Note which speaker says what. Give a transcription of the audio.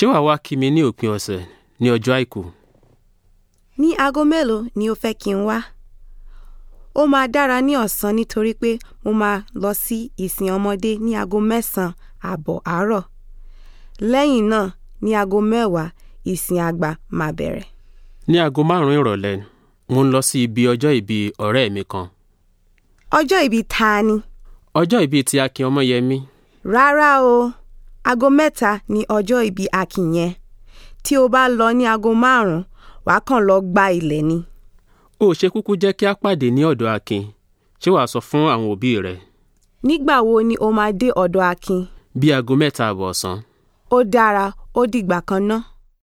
Speaker 1: ṣé wàá wá kí mi ní òpin ọ̀sẹ̀ ní ọjọ́ àìkú.
Speaker 2: ní aago mélòó ni o fẹ́ kí n wá? ó máa dára ní ọ̀sán nítorí pé mo máa lọ sí ìsìn ọmọdé ní aago mẹ́sàn-án ààbọ̀ àárọ̀ lẹ́yìn náà ní aago mẹ́wàá ìsìn àgbà máa bẹ̀rẹ̀.
Speaker 1: ní aago márùn-ún ìrọ̀lẹ́ mo ń lọ sí ibi ọjọ́ ìbí ọ̀rẹ́ mi kan.
Speaker 2: ọjọ́ ìbí ta ni?
Speaker 1: ọjọ́ ìbí ti Akin Ọmọ́yẹmí.
Speaker 2: rárá o. Aago mẹ́ta ni ọjọ́ ìbí Akin yẹn, tí o bá lọ ní aago márùn-ún wàá kàn lọ gba ilẹ̀ ni.
Speaker 1: Ó ṣe kúkú jẹ́ kí a pàdé ní ọ̀dọ̀ Akin, ṣé wàá sọ fún àwọn òbí rẹ?
Speaker 2: Nígbà wo ni o máa dé ọ̀dọ̀ Akin?
Speaker 1: Bí aago mẹ́ta ààbọ̀ ọ̀sán.
Speaker 2: Ó dára, ó dìgbà kan ná.